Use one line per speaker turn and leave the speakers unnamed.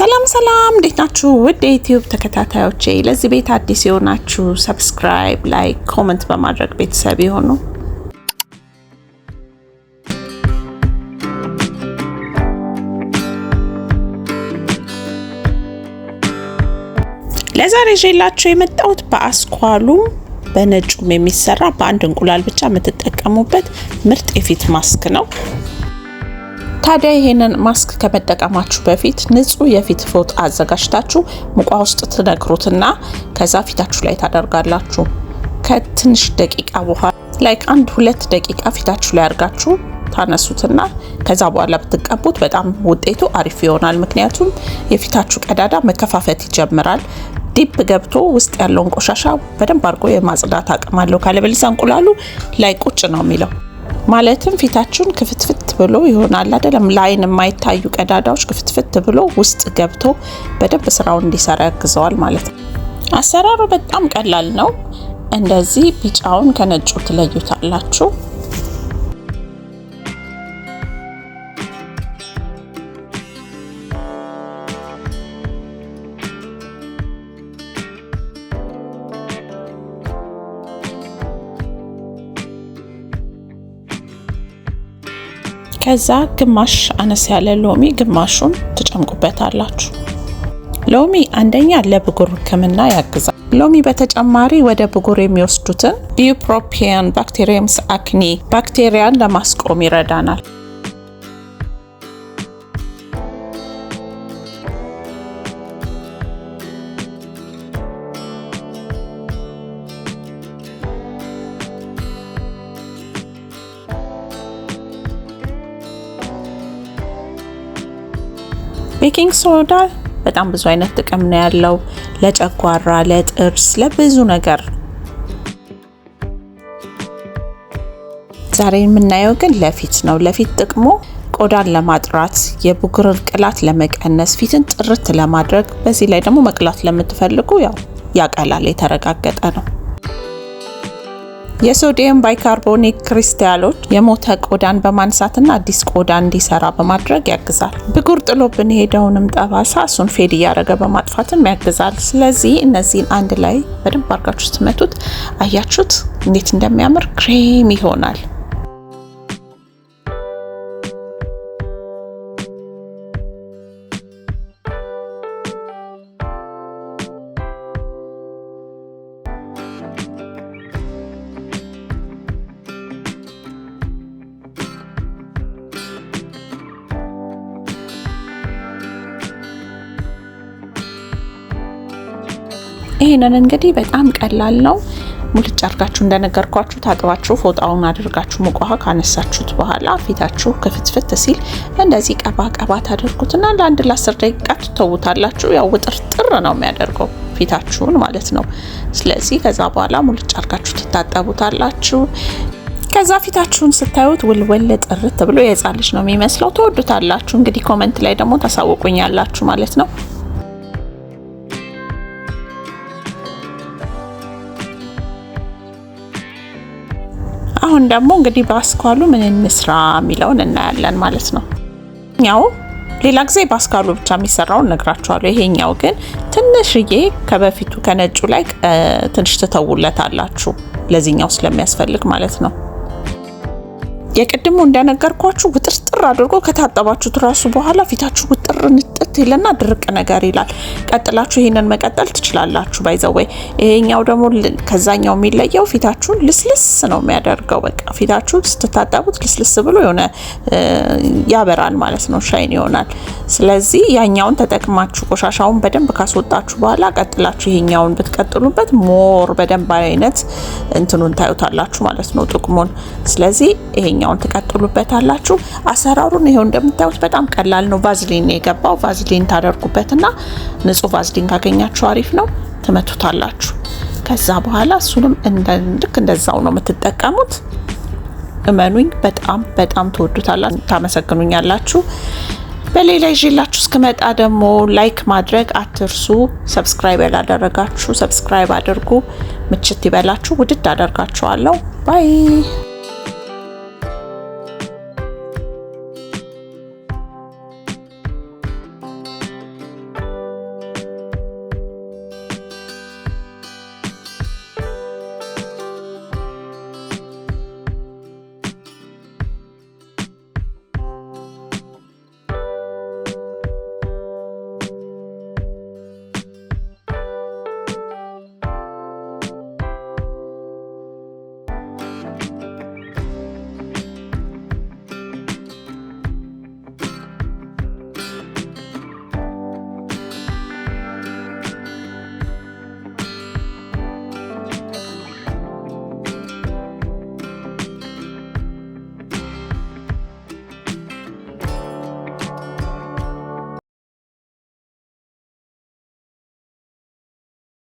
ሰላም ሰላም እንዴት ናችሁ? ውድ የዩትዩብ ተከታታዮቼ፣ ለዚህ ቤት አዲስ የሆናችሁ ሰብስክራይብ፣ ላይክ፣ ኮመንት በማድረግ ቤተሰብ የሆኑ ለዛሬ ይዤላችሁ የመጣሁት በአስኳሉም በነጩም የሚሰራ በአንድ እንቁላል ብቻ የምትጠቀሙበት ምርጥ የፊት ማስክ ነው። ታዲያ ይሄንን ማስክ ከመጠቀማችሁ በፊት ንጹህ የፊት ፎጥ አዘጋጅታችሁ ሙቋ ውስጥ ትነክሩትና ከዛ ፊታችሁ ላይ ታደርጋላችሁ። ከትንሽ ደቂቃ በኋላ ላይክ አንድ ሁለት ደቂቃ ፊታችሁ ላይ አድርጋችሁ ታነሱትና ከዛ በኋላ ብትቀቡት በጣም ውጤቱ አሪፍ ይሆናል። ምክንያቱም የፊታችሁ ቀዳዳ መከፋፈት ይጀምራል። ዲፕ ገብቶ ውስጥ ያለውን ቆሻሻ በደንብ አድርጎ የማጽዳት አቅም አለው። ካለበለዚያ እንቁላሉ ላይ ቁጭ ነው የሚለው። ማለትም ፊታችሁን ክፍትፍት ብሎ ይሆናል አይደለም፣ ለአይን የማይታዩ ቀዳዳዎች ክፍትፍት ብሎ ውስጥ ገብቶ በደንብ ስራውን እንዲሰራ ያግዘዋል ማለት ነው። አሰራሩ በጣም ቀላል ነው። እንደዚህ ቢጫውን ከነጩ ትለዩታላችሁ። ከዛ ግማሽ አነስ ያለ ሎሚ ግማሹን ትጨምቁበታላችሁ። ሎሚ አንደኛ ለብጉር ሕክምና ያግዛል። ሎሚ በተጨማሪ ወደ ብጉር የሚወስዱትን ዲዩፕሮፒያን ባክቴሪየምስ አክኒ ባክቴሪያን ለማስቆም ይረዳናል። ቤኪንግ ሶዳ በጣም ብዙ አይነት ጥቅም ነው ያለው ለጨጓራ፣ ለጥርስ፣ ለብዙ ነገር። ዛሬ የምናየው ግን ለፊት ነው። ለፊት ጥቅሙ ቆዳን ለማጥራት፣ የብጉር እርቅላት ለመቀነስ፣ ፊትን ጥርት ለማድረግ፣ በዚህ ላይ ደግሞ መቅላት ለምትፈልጉ ያው ያቀላል፣ የተረጋገጠ ነው። የሶዲየም ባይካርቦኔት ክሪስታሎች የሞተ ቆዳን በማንሳትና አዲስ ቆዳ እንዲሰራ በማድረግ ያግዛል። ብጉር ጥሎብን የሄደውንም ጠባሳ እሱን ፌድ እያደረገ በማጥፋትም ያግዛል። ስለዚህ እነዚህን አንድ ላይ በደንብ አድርጋችሁ ስትመቱት አያችሁት እንዴት እንደሚያምር ክሬም ይሆናል። ይሄንን እንግዲህ በጣም ቀላል ነው። ሙልጭ አድርጋችሁ እንደነገርኳችሁ ታጥባችሁ ፎጣውን አድርጋችሁ ሙቅ ውሃ ካነሳችሁት በኋላ ፊታችሁ ክፍትፍት ሲል እንደዚህ ቀባ ቀባ ታደርጉትና ለአንድ ለአስር ደቂቃ ትተውታላችሁ። ያው ውጥርጥር ነው የሚያደርገው ፊታችሁን ማለት ነው። ስለዚህ ከዛ በኋላ ሙልጭ አድርጋችሁ ትታጠቡታላችሁ። ከዛ ፊታችሁን ስታዩት ውልወል ጥርት ብሎ የሕፃን ልጅ ነው የሚመስለው። ትወዱታላችሁ። እንግዲህ ኮመንት ላይ ደግሞ ታሳውቁኛላችሁ ማለት ነው። አሁን ደግሞ እንግዲህ በአስኳሉ ምን እንስራ የሚለውን እናያለን ማለት ነው። ያው ሌላ ጊዜ በአስኳሉ ብቻ የሚሰራውን ነግራችኋለሁ። ይሄኛው ግን ትንሽዬ ከበፊቱ ከነጩ ላይ ትንሽ ትተውለት አላችሁ ለዚህኛው ስለሚያስፈልግ ማለት ነው። የቅድሙ እንደነገርኳችሁ ውጥር አድርጎ ከታጠባችሁት ራሱ በኋላ ፊታችሁ ውጥር ንጥት ይለና ድርቅ ነገር ይላል። ቀጥላችሁ ይህንን መቀጠል ትችላላችሁ። ባይዘወይ ይሄኛው ደግሞ ከዛኛው የሚለየው ፊታችሁን ልስልስ ነው የሚያደርገው። በቃ ፊታችሁ ስትታጠቡት ልስልስ ብሎ የሆነ ያበራል ማለት ነው፣ ሻይን ይሆናል። ስለዚህ ያኛውን ተጠቅማችሁ ቆሻሻውን በደንብ ካስወጣችሁ በኋላ ቀጥላችሁ ይሄኛውን ብትቀጥሉበት ሞር በደንብ አይነት እንትኑን ታዩታላችሁ ማለት ነው ጥቅሙን። ስለዚህ ይሄኛውን ትቀጥሉበታላችሁ አሰራ አሰራሩን ይሄው እንደምታዩት በጣም ቀላል ነው። ቫዝሊን የገባው ቫዝሊን ታደርጉበትና ንጹህ ቫዝሊን ካገኛችሁ አሪፍ ነው፣ ትመቱታላችሁ። ከዛ በኋላ እሱንም ልክ እንደዛው ነው የምትጠቀሙት። እመኑኝ በጣም በጣም ትወዱታላችሁ፣ ታመሰግኑኛላችሁ። በሌላ ይዤላችሁ እስክመጣ ደግሞ ላይክ ማድረግ አትርሱ። ሰብስክራይብ ያላደረጋችሁ ሰብስክራይብ አድርጉ። ምችት ይበላችሁ። ውድድ አደርጋችኋለሁ። ባይ